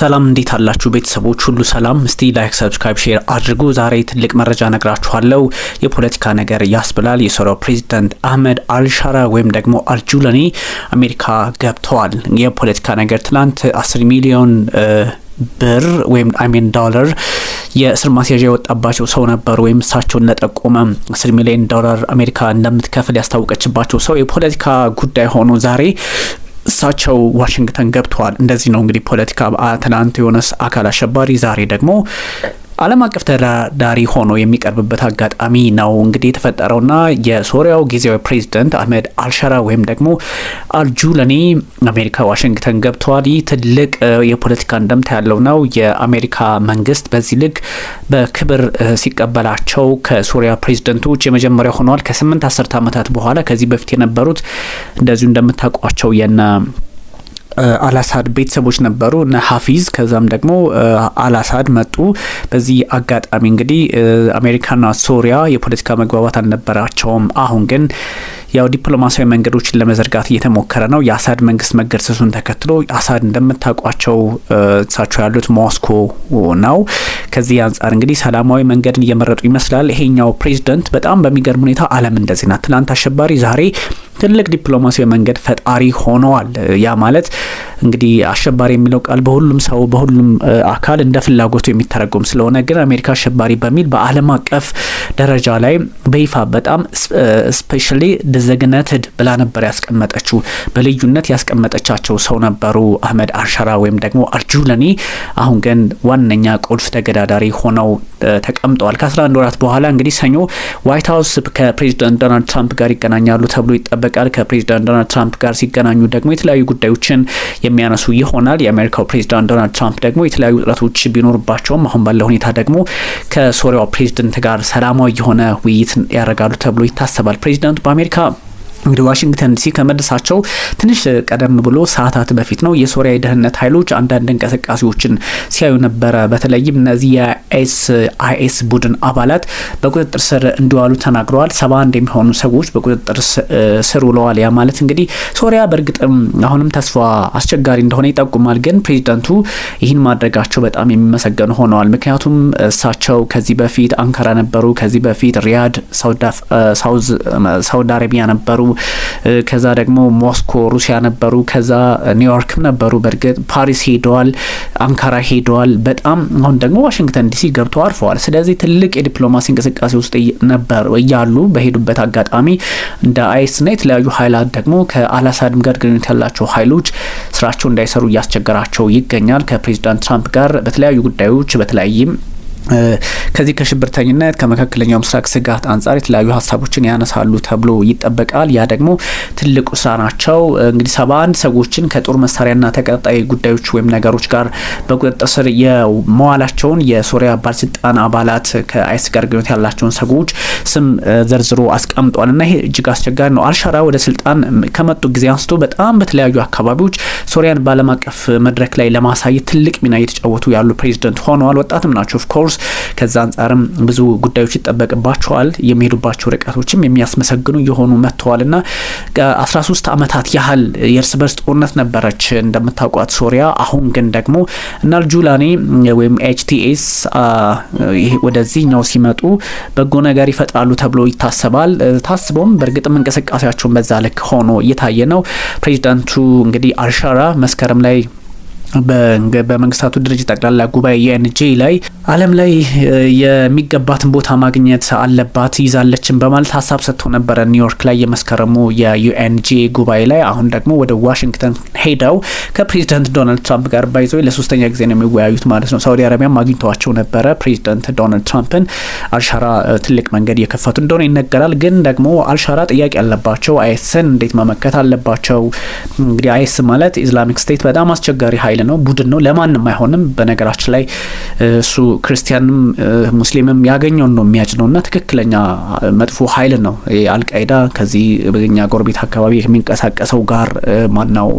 ሰላም እንዴት አላችሁ ቤተሰቦች ሁሉ ሰላም? እስቲ ላይክ፣ ሰብስክራይብ፣ ሼር አድርጉ። ዛሬ ትልቅ መረጃ ነግራችኋለሁ። የፖለቲካ ነገር ያስብላል። የሶሪያው ፕሬዚዳንት አህመድ አልሻራ ወይም ደግሞ አልጁለኒ አሜሪካ ገብተዋል። የፖለቲካ ነገር ትናንት 10 ሚሊዮን ብር ወይም አሜን ዶላር የእስር ማስያዣ የወጣባቸው ሰው ነበሩ። ወይም እሳቸውን ለጠቆመ አስር ሚሊዮን ዶላር አሜሪካ እንደምትከፍል ያስታወቀችባቸው ሰው የፖለቲካ ጉዳይ ሆኖ ዛሬ እሳቸው ዋሽንግተን ገብተዋል። እንደዚህ ነው እንግዲህ ፖለቲካ ትናንት የሆነ አካል አሸባሪ ዛሬ ደግሞ ዓለም አቀፍ ተደራዳሪ ሆኖ የሚቀርብበት አጋጣሚ ነው እንግዲህ የተፈጠረውና የሶሪያው ጊዜያዊ ፕሬዚደንት አህመድ አልሸራ ወይም ደግሞ አልጁለኒ አሜሪካ ዋሽንግተን ገብተዋል። ይህ ትልቅ የፖለቲካ እንደምታ ያለው ነው። የአሜሪካ መንግስት በዚህ ልክ በክብር ሲቀበላቸው ከሶሪያ ፕሬዚደንቶች የመጀመሪያ ሆነዋል። ከስምንት አስርት ዓመታት በኋላ ከዚህ በፊት የነበሩት እንደዚሁ እንደምታውቋቸው የነ አላሳድ ቤተሰቦች ነበሩ እነ ሀፊዝ ከዛም ደግሞ አላሳድ መጡ። በዚህ አጋጣሚ እንግዲህ አሜሪካና ሶሪያ የፖለቲካ መግባባት አልነበራቸውም። አሁን ግን ያው ዲፕሎማሲያዊ መንገዶችን ለመዘርጋት እየተሞከረ ነው። የአሳድ መንግስት መገርሰሱን ተከትሎ አሳድ እንደምታውቋቸው እሳቸው ያሉት ሞስኮ ነው። ከዚህ አንጻር እንግዲህ ሰላማዊ መንገድን እየመረጡ ይመስላል። ይሄኛው ፕሬዚደንት በጣም በሚገርም ሁኔታ አለም እንደዚህ ናት። ትናንት አሸባሪ ዛሬ ትልቅ ዲፕሎማሲያዊ መንገድ ፈጣሪ ሆነዋል። ያ ማለት እንግዲህ አሸባሪ የሚለው ቃል በሁሉም ሰው በሁሉም አካል እንደ ፍላጎቱ የሚተረጎም ስለሆነ ግን አሜሪካ አሸባሪ በሚል በአለም አቀፍ ደረጃ ላይ በይፋ በጣም ስፔሻሊ አንድ ዘግነትድ ብላ ነበር ያስቀመጠችው። በልዩነት ያስቀመጠቻቸው ሰው ነበሩ አህመድ አንሻራ ወይም ደግሞ አርጁለኒ። አሁን ግን ዋነኛ ቁልፍ ተገዳዳሪ ሆነው ተቀምጠዋል። ከ11 ወራት በኋላ እንግዲህ ሰኞ ዋይት ሀውስ ከፕሬዚዳንት ዶናልድ ትራምፕ ጋር ይገናኛሉ ተብሎ ይጠበቃል። ከፕሬዚዳንት ዶናልድ ትራምፕ ጋር ሲገናኙ ደግሞ የተለያዩ ጉዳዮችን የሚያነሱ ይሆናል። የአሜሪካው ፕሬዚዳንት ዶናልድ ትራምፕ ደግሞ የተለያዩ ውጥረቶች ቢኖርባቸውም አሁን ባለ ሁኔታ ደግሞ ከሶሪያው ፕሬዚደንት ጋር ሰላማዊ የሆነ ውይይት ያደርጋሉ ተብሎ ይታሰባል። ፕሬዚዳንቱ በአሜሪካ እንግዲህ ዋሽንግተን ዲሲ ከመድረሳቸው ትንሽ ቀደም ብሎ ሰዓታት በፊት ነው የሶሪያ የደህንነት ኃይሎች አንዳንድ እንቅስቃሴዎችን ሲያዩ ነበረ። በተለይም እነዚህ የኤስ ቡድን አባላት በቁጥጥር ስር እንዲዋሉ ተናግረዋል። ሰባ አንድ የሚሆኑ ሰዎች በቁጥጥር ስር ውለዋል። ያ ማለት እንግዲህ ሶሪያ በእርግጥም አሁንም ተስፋ አስቸጋሪ እንደሆነ ይጠቁማል። ግን ፕሬዚደንቱ ይህን ማድረጋቸው በጣም የሚመሰገኑ ሆነዋል። ምክንያቱም እሳቸው ከዚህ በፊት አንካራ ነበሩ። ከዚህ በፊት ሪያድ ሳውዲ አረቢያ ነበሩ። ከዛ ደግሞ ሞስኮ ሩሲያ ነበሩ። ከዛ ኒውዮርክም ነበሩ። በእርግጥ ፓሪስ ሄደዋል፣ አንካራ ሄደዋል። በጣም አሁን ደግሞ ዋሽንግተን ዲሲ ገብተው አርፈዋል። ስለዚህ ትልቅ የዲፕሎማሲ እንቅስቃሴ ውስጥ ነበር እያሉ በሄዱበት አጋጣሚ እንደ ና የተለያዩ ሀይላት ደግሞ ከአላሳድም ጋር ግንኙነት ያላቸው ኃይሎች ስራቸው እንዳይሰሩ እያስቸገራቸው ይገኛል። ከፕሬዚዳንት ትራምፕ ጋር በተለያዩ ጉዳዮች በተለያይም ከዚህ ከሽብርተኝነት ከመካከለኛው ምስራቅ ስጋት አንጻር የተለያዩ ሀሳቦችን ያነሳሉ ተብሎ ይጠበቃል። ያ ደግሞ ትልቁ ስራ ናቸው። እንግዲህ ሰባ አንድ ሰዎችን ከጦር መሳሪያና ተቀጣይ ጉዳዮች ወይም ነገሮች ጋር በቁጥጥር ስር የመዋላቸውን የሶሪያ ባለስልጣን አባላት ከአይስ ጋር ግንኙነት ያላቸውን ሰዎች ስም ዘርዝሮ አስቀምጧል እና ይሄ እጅግ አስቸጋሪ ነው። አልሻራ ወደ ስልጣን ከመጡ ጊዜ አንስቶ በጣም በተለያዩ አካባቢዎች ሶሪያን በዓለም አቀፍ መድረክ ላይ ለማሳየት ትልቅ ሚና እየተጫወቱ ያሉ ፕሬዚደንት ሆነዋል። ወጣትም ናቸው ኦፍኮርስ ዩቬንቱስ ከዛ አንጻርም ብዙ ጉዳዮች ይጠበቅባቸዋል። የሚሄዱባቸው ርቀቶችም የሚያስመሰግኑ የሆኑ መጥተዋል ና አስራ ሶስት አመታት ያህል የእርስ በርስ ጦርነት ነበረች እንደምታውቋት ሶሪያ። አሁን ግን ደግሞ እና ጁላኔ ወይም ኤችቲኤስ ወደዚህኛው ሲመጡ በጎ ነገር ይፈጥራሉ ተብሎ ይታሰባል። ታስበውም በእርግጥም እንቅስቃሴያቸውን በዛ ልክ ሆኖ እየታየ ነው። ፕሬዚዳንቱ እንግዲህ አልሻራ መስከረም ላይ በመንግስታቱ ድርጅት ጠቅላላ ጉባኤ የኤንጂ ላይ ዓለም ላይ የሚገባትን ቦታ ማግኘት አለባት ይዛለችን በማለት ሀሳብ ሰጥቶ ነበረ ኒውዮርክ ላይ የመስከረሙ የዩኤንጂ ጉባኤ ላይ። አሁን ደግሞ ወደ ዋሽንግተን ሄደው ከፕሬዚደንት ዶናልድ ትራምፕ ጋር ባይዞ ለሶስተኛ ጊዜ ነው የሚወያዩት ማለት ነው። ሳውዲ አረቢያ አግኝተዋቸው ነበረ ፕሬዚደንት ዶናልድ ትራምፕን። አልሻራ ትልቅ መንገድ የከፈቱ እንደሆነ ይነገራል። ግን ደግሞ አልሻራ ጥያቄ አለባቸው። አይስን እንዴት መመከት አለባቸው። እንግዲህ አይስ ማለት ኢስላሚክ ስቴት በጣም አስቸጋሪ ሀይል ነው፣ ቡድን ነው፣ ለማንም አይሆንም። በነገራችን ላይ እሱ ክርስቲያንም ሙስሊምም ያገኘውን ነው ነው እና ትክክለኛ መጥፎ ሀይል ነው አልቃይዳ ከዚህ በኛ ጎረቤት አካባቢ የሚንቀሳቀሰው ጋር ማናው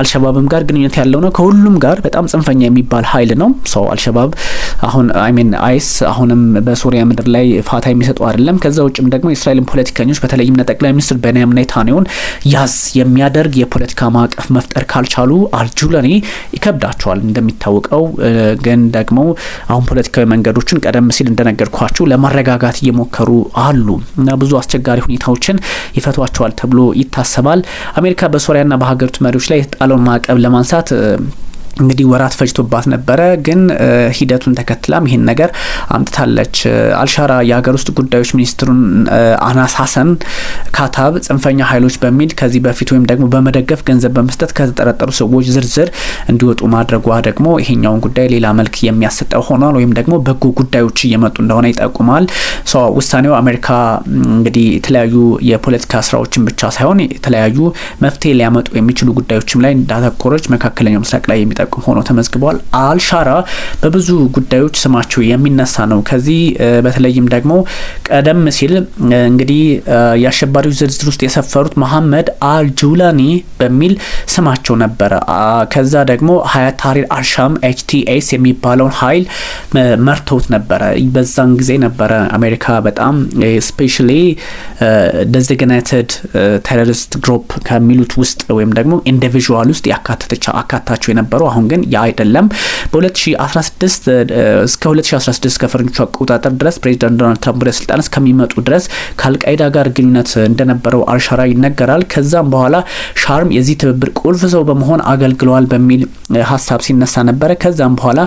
አልሸባብም ጋር ግንኙነት ያለው ነው። ከሁሉም ጋር በጣም ጽንፈኛ የሚባል ኃይል ነው ሰው አልሸባብ አሁን አይሜን አይስ አሁንም በሱሪያ ምድር ላይ ፋታ የሚሰጡ አይደለም። ከዛ ውጭም ደግሞ የእስራኤልን ፖለቲከኞች በተለይም ጠቅላይ ሚኒስትር ቤንያሚን ኔታንያሁን ያዝ የሚያደርግ የፖለቲካ ማዕቀፍ መፍጠር ካልቻሉ አልጁለኒ ይከብዳቸዋል። እንደሚታወቀው ግን ደግሞ አሁን ፖለቲካዊ መንገዶችን ቀደም ሲል እንደነገርኳችሁ ለማረጋጋት እየሞከሩ አሉ እና ብዙ አስቸጋሪ ሁኔታዎችን ይፈቷቸዋል ተብሎ ይታሰባል። አሜሪካ በሶሪያና በሀገሪቱ መሪዎች ላይ የተጣለውን ማዕቀብ ለማንሳት እንግዲህ ወራት ፈጅቶባት ነበረ። ግን ሂደቱን ተከትላም ይሄን ነገር አምጥታለች። አልሻራ የሀገር ውስጥ ጉዳዮች ሚኒስትሩን አናስ ሀሰን ካታብ ጽንፈኛ ኃይሎች በሚል ከዚህ በፊት ወይም ደግሞ በመደገፍ ገንዘብ በመስጠት ከተጠረጠሩ ሰዎች ዝርዝር እንዲወጡ ማድረጓ ደግሞ ይሄኛውን ጉዳይ ሌላ መልክ የሚያሰጠው ሆኗል። ወይም ደግሞ በጎ ጉዳዮች እየመጡ እንደሆነ ይጠቁማል። ውሳኔው አሜሪካ እንግዲህ የተለያዩ የፖለቲካ ስራዎችን ብቻ ሳይሆን የተለያዩ መፍትሄ ሊያመጡ የሚችሉ ጉዳዮችም ላይ እንዳተኮረች መካከለኛው ምስራቅ ላይ የሚጠ ሸቅም ሆኖ ተመዝግቧል። አልሻራ በብዙ ጉዳዮች ስማቸው የሚነሳ ነው። ከዚህ በተለይም ደግሞ ቀደም ሲል እንግዲህ የአሸባሪዎች ዝርዝር ውስጥ የሰፈሩት መሐመድ አልጁላኒ በሚል ስማቸው ነበረ። ከዛ ደግሞ ሀያት ታህሪር አልሻም ኤችቲኤስ የሚባለውን ሀይል መርተውት ነበረ። በዛን ጊዜ ነበረ አሜሪካ በጣም ስፔሻሊ ደዚግናይትድ ቴሮሪስት ግሩፕ ከሚሉት ውስጥ ወይም ደግሞ ኢንዲቪዥዋል ውስጥ ያካተተቻ አካታቸው የነበረው አሁን ግን ያ አይደለም። በ2016 እስከ 2016 ከፈረንጆቹ አቆጣጠር ድረስ ፕሬዚዳንት ዶናልድ ትራምፕ ወደ ስልጣን እስከሚመጡ ድረስ ከአልቃይዳ ጋር ግንኙነት እንደነበረው አልሻራ ይነገራል። ከዛም በኋላ ሻርም የዚህ ትብብር ቁልፍ ሰው በመሆን አገልግለዋል በሚል ሀሳብ ሲነሳ ነበረ። ከዛም በኋላ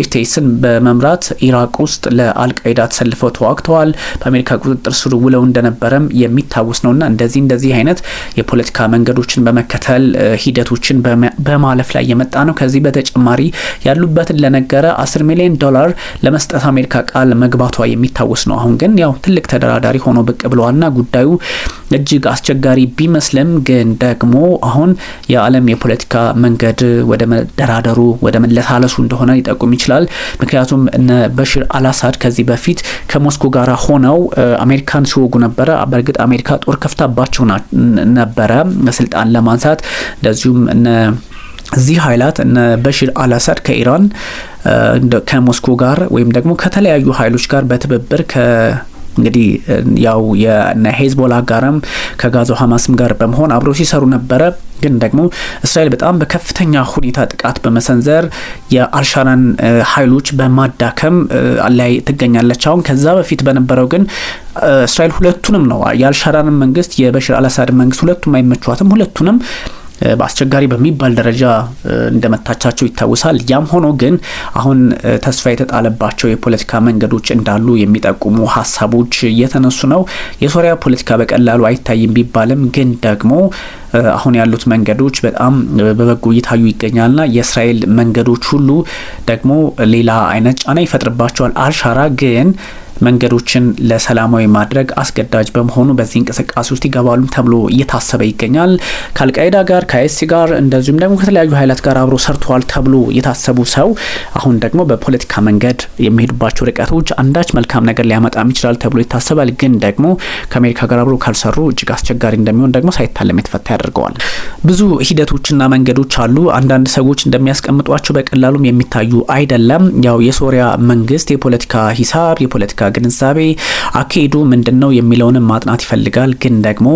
ኤችቴስን በመምራት ኢራቅ ውስጥ ለአልቃይዳ ተሰልፈው ተዋግተዋል። በአሜሪካ ቁጥጥር ስር ውለው እንደነበረም የሚታወስ ነውና እንደዚህ እንደዚህ አይነት የፖለቲካ መንገዶችን በመከተል ሂደቶችን በማለፍ ላይ የመጣ ነው። ከዚህ ከዚህ በተጨማሪ ያሉበትን ለነገረ 10 ሚሊዮን ዶላር ለመስጠት አሜሪካ ቃል መግባቷ የሚታወስ ነው። አሁን ግን ያው ትልቅ ተደራዳሪ ሆኖ ብቅ ብለዋልና ጉዳዩ እጅግ አስቸጋሪ ቢመስልም ግን ደግሞ አሁን የዓለም የፖለቲካ መንገድ ወደ መደራደሩ ወደ መለሳለሱ እንደሆነ ሊጠቁም ይችላል። ምክንያቱም እነ በሽር አላሳድ ከዚህ በፊት ከሞስኮ ጋር ሆነው አሜሪካን ሲወጉ ነበረ። በእርግጥ አሜሪካ ጦር ከፍታባቸው ነበረ ስልጣን ለማንሳት እንደዚሁም እዚህ ኃይላት እነ በሽር አልአሳድ ከኢራን ከሞስኮ ጋር ወይም ደግሞ ከተለያዩ ኃይሎች ጋር በትብብር እንግዲህ ያው ሄዝቦላ ጋርም ከጋዛው ሀማስም ጋር በመሆን አብረው ሲሰሩ ነበረ። ግን ደግሞ እስራኤል በጣም በከፍተኛ ሁኔታ ጥቃት በመሰንዘር የአልሻራን ኃይሎች በማዳከም ላይ ትገኛለች። አሁን ከዛ በፊት በነበረው ግን እስራኤል ሁለቱንም ነው የአልሻራንም መንግስት የበሽር አልአሳድ መንግስት ሁለቱም አይመቿትም። ሁለቱንም በአስቸጋሪ በሚባል ደረጃ እንደመታቻቸው ይታወሳል። ያም ሆኖ ግን አሁን ተስፋ የተጣለባቸው የፖለቲካ መንገዶች እንዳሉ የሚጠቁሙ ሀሳቦች እየተነሱ ነው። የሶሪያ ፖለቲካ በቀላሉ አይታይም ቢባልም ግን ደግሞ አሁን ያሉት መንገዶች በጣም በበጎ እየታዩ ይገኛልና የእስራኤል መንገዶች ሁሉ ደግሞ ሌላ አይነት ጫና ይፈጥርባቸዋል። አልሻራ ግን መንገዶችን ለሰላማዊ ማድረግ አስገዳጅ በመሆኑ በዚህ እንቅስቃሴ ውስጥ ይገባሉ ተብሎ እየታሰበ ይገኛል። ከአልቃይዳ ጋር ከአይሲ ጋር እንደዚሁም ደግሞ ከተለያዩ ኃይላት ጋር አብሮ ሰርተዋል ተብሎ የታሰቡ ሰው አሁን ደግሞ በፖለቲካ መንገድ የሚሄዱባቸው ርቀቶች አንዳች መልካም ነገር ሊያመጣም ይችላል ተብሎ ይታሰባል። ግን ደግሞ ከአሜሪካ ጋር አብሮ ካልሰሩ እጅግ አስቸጋሪ እንደሚሆን ደግሞ ሳይታለም የተፈታ ያደርገዋል። ብዙ ሂደቶችና መንገዶች አሉ። አንዳንድ ሰዎች እንደሚያስቀምጧቸው በቀላሉም የሚታዩ አይደለም። ያው የሶሪያ መንግስት የፖለቲካ ሂሳብ የፖለቲካ ግንዛቤ አካሄዱ ምንድን ነው የሚለውንም ማጥናት ይፈልጋል። ግን ደግሞ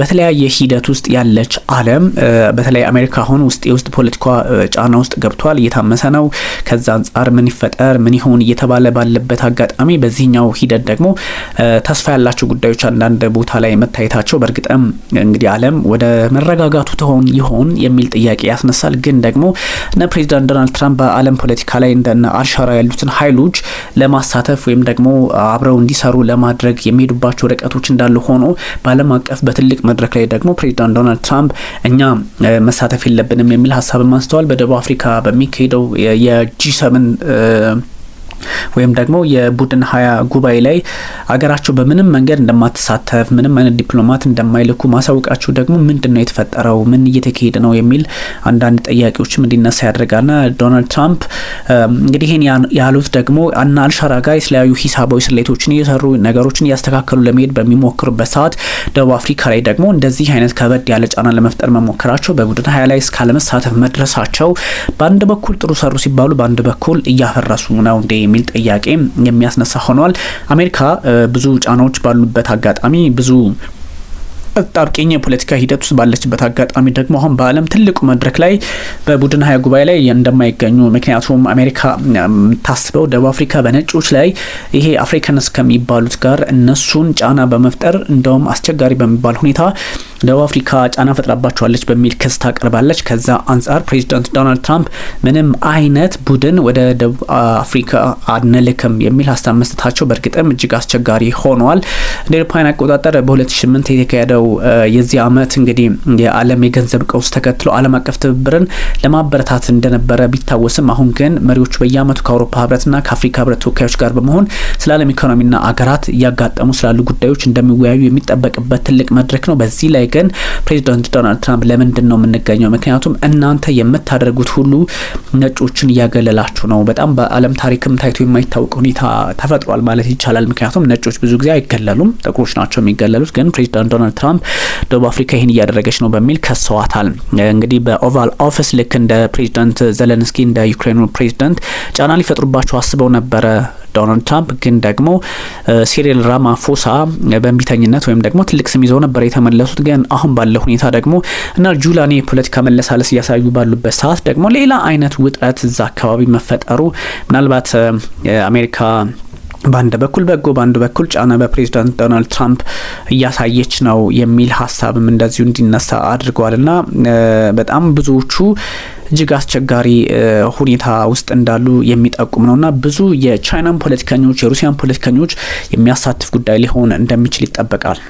በተለያየ ሂደት ውስጥ ያለች ዓለም በተለይ አሜሪካ አሁን ውስጥ የውስጥ ፖለቲካ ጫና ውስጥ ገብቷል፣ እየታመሰ ነው። ከዛ አንጻር ምን ይፈጠር ምን ይሆን እየተባለ ባለበት አጋጣሚ በዚህኛው ሂደት ደግሞ ተስፋ ያላቸው ጉዳዮች አንዳንድ ቦታ ላይ መታየታቸው በእርግጥም እንግዲህ ዓለም ወደ መረጋጋቱ ትሆን ይሆን የሚል ጥያቄ ያስነሳል። ግን ደግሞ እነ ፕሬዚዳንት ዶናልድ ትራምፕ በዓለም ፖለቲካ ላይ እንደነ አልሻራ ያሉትን ኃይሎች ለማሳተፍ ወይም ደግሞ አብረው እንዲሰሩ ለማድረግ የሚሄዱባቸው ርቀቶች እንዳሉ ሆኖ በዓለም አቀፍ በትልቅ መድረክ ላይ ደግሞ ፕሬዚዳንት ዶናልድ ትራምፕ እኛ መሳተፍ የለብንም የሚል ሀሳብ አንስተዋል። በደቡብ አፍሪካ በሚካሄደው የጂ ሰምን ወይም ደግሞ የቡድን ሀያ ጉባኤ ላይ አገራቸው በምንም መንገድ እንደማትሳተፍ ምንም አይነት ዲፕሎማት እንደማይልኩ ማሳወቃቸው ደግሞ ምንድን ነው የተፈጠረው? ምን እየተካሄደ ነው? የሚል አንዳንድ ጥያቄዎችም እንዲነሳ ያደርጋልና ዶናልድ ትራምፕ እንግዲህ ይህን ያሉት ደግሞ እና አልሻራ ጋር የተለያዩ ሂሳባዊ ስሌቶችን እየሰሩ ነገሮችን እያስተካከሉ ለመሄድ በሚሞክሩበት ሰዓት ደቡብ አፍሪካ ላይ ደግሞ እንደዚህ አይነት ከበድ ያለ ጫና ለመፍጠር መሞከራቸው በቡድን ሀያ ላይ እስካለመሳተፍ መድረሳቸው በአንድ በኩል ጥሩ ሰሩ ሲባሉ፣ በአንድ በኩል እያፈረሱ ነው እንዴ የሚል ጥያቄ የሚያስነሳ ሆኗል። አሜሪካ ብዙ ጫናዎች ባሉበት አጋጣሚ ብዙ ጸጥታው የፖለቲካ ሂደት ውስጥ ባለችበት አጋጣሚ ደግሞ አሁን በዓለም ትልቁ መድረክ ላይ በቡድን ሀያ ጉባኤ ላይ እንደማይገኙ ምክንያቱም አሜሪካ ታስበው ደቡብ አፍሪካ በነጮች ላይ ይሄ አፍሪካንስ ከሚባሉት ጋር እነሱን ጫና በመፍጠር እንደውም አስቸጋሪ በሚባል ሁኔታ ደቡብ አፍሪካ ጫና ፈጥራባቸዋለች በሚል ክስ ታቀርባለች። ከዛ አንጻር ፕሬዚዳንት ዶናልድ ትራምፕ ምንም አይነት ቡድን ወደ ደቡብ አፍሪካ አንልክም የሚል ሀሳብ መስጠታቸው በእርግጥም እጅግ አስቸጋሪ ሆኗል። እንደ አውሮፓውያን አቆጣጠር በ2008 የተካሄደው የዚህ ዓመት እንግዲህ የዓለም የገንዘብ ቀውስ ተከትሎ ዓለም አቀፍ ትብብርን ለማበረታት እንደነበረ ቢታወስም አሁን ግን መሪዎቹ በየአመቱ ከአውሮፓ ህብረትና ከአፍሪካ ህብረት ተወካዮች ጋር በመሆን ስለ ዓለም ኢኮኖሚና አገራት እያጋጠሙ ስላሉ ጉዳዮች እንደሚወያዩ የሚጠበቅበት ትልቅ መድረክ ነው። በዚህ ላይ ግን ፕሬዚዳንት ዶናልድ ትራምፕ ለምንድን ነው የምንገኘው? ምክንያቱም እናንተ የምታደርጉት ሁሉ ነጮችን እያገለላችሁ ነው። በጣም በዓለም ታሪክም ታይቶ የማይታወቅ ሁኔታ ተፈጥሯል ማለት ይቻላል። ምክንያቱም ነጮች ብዙ ጊዜ አይገለሉም፣ ጥቁሮች ናቸው የሚገለሉት። ግን ፕሬዚዳንት ዶናልድ ትራምፕ ትራምፕ ደቡብ አፍሪካ ይህን እያደረገች ነው በሚል ከሰዋታል። እንግዲህ በኦቫል ኦፊስ ልክ እንደ ፕሬዚዳንት ዘለንስኪ እንደ ዩክሬኑ ፕሬዚዳንት ጫና ሊፈጥሩባቸው አስበው ነበረ ዶናልድ ትራምፕ ግን ደግሞ ሲሪል ራማፎሳ በእንቢተኝነት ወይም ደግሞ ትልቅ ስም ይዘው ነበር የተመለሱት። ግን አሁን ባለው ሁኔታ ደግሞ እና ጁላኔ የፖለቲካ መለሳለስ እያሳዩ ባሉበት ሰዓት ደግሞ ሌላ አይነት ውጥረት እዛ አካባቢ መፈጠሩ ምናልባት አሜሪካ በአንድ በኩል በጎ በአንድ በኩል ጫና በፕሬዚዳንት ዶናልድ ትራምፕ እያሳየች ነው የሚል ሀሳብም እንደዚሁ እንዲነሳ አድርገዋል እና በጣም ብዙዎቹ እጅግ አስቸጋሪ ሁኔታ ውስጥ እንዳሉ የሚጠቁም ነው እና ብዙ የቻይናን ፖለቲከኞች የሩሲያን ፖለቲከኞች የሚያሳትፍ ጉዳይ ሊሆን እንደሚችል ይጠበቃል።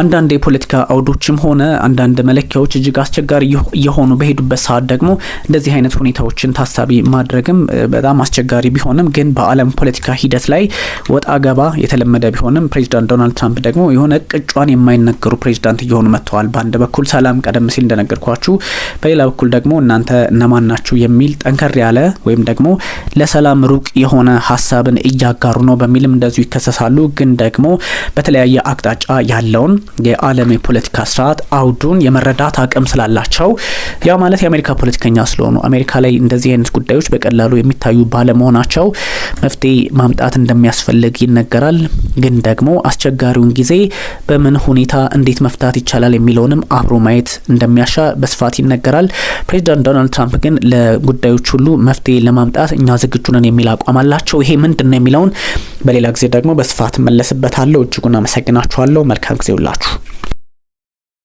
አንዳንድ የፖለቲካ አውዶችም ሆነ አንዳንድ መለኪያዎች እጅግ አስቸጋሪ እየሆኑ በሄዱበት ሰዓት ደግሞ እንደዚህ አይነት ሁኔታዎችን ታሳቢ ማድረግም በጣም አስቸጋሪ ቢሆንም ግን በዓለም ፖለቲካ ሂደት ላይ ወጣ ገባ የተለመደ ቢሆንም ፕሬዚዳንት ዶናልድ ትራምፕ ደግሞ የሆነ ቅጯን የማይነገሩ ፕሬዚዳንት እየሆኑ መጥተዋል። በአንድ በኩል ሰላም፣ ቀደም ሲል እንደነገርኳችሁ፣ በሌላ በኩል ደግሞ እናንተ እነማን ናችሁ የሚል ጠንከር ያለ ወይም ደግሞ ለሰላም ሩቅ የሆነ ሀሳብን እያጋሩ ነው በሚልም እንደዚሁ ይከሰሳሉ። ግን ደግሞ በተለያየ አቅጣጫ ያለ ያለውን የዓለም የፖለቲካ ስርዓት አውዱን የመረዳት አቅም ስላላቸው ያ ማለት የአሜሪካ ፖለቲከኛ ስለሆኑ አሜሪካ ላይ እንደዚህ አይነት ጉዳዮች በቀላሉ የሚታዩ ባለመሆናቸው መፍትሄ ማምጣት እንደሚያስፈልግ ይነገራል። ግን ደግሞ አስቸጋሪውን ጊዜ በምን ሁኔታ እንዴት መፍታት ይቻላል የሚለውንም አብሮ ማየት እንደሚያሻ በስፋት ይነገራል። ፕሬዚዳንት ዶናልድ ትራምፕ ግን ለጉዳዮች ሁሉ መፍትሄ ለማምጣት እኛ ዝግጁ ነን የሚል አቋም አላቸው። ይሄ ምንድን ነው የሚለውን በሌላ ጊዜ ደግሞ በስፋት መለስበታለሁ። እጅጉን አመሰግናችኋለሁ። መልካም ጊዜ ውላችሁ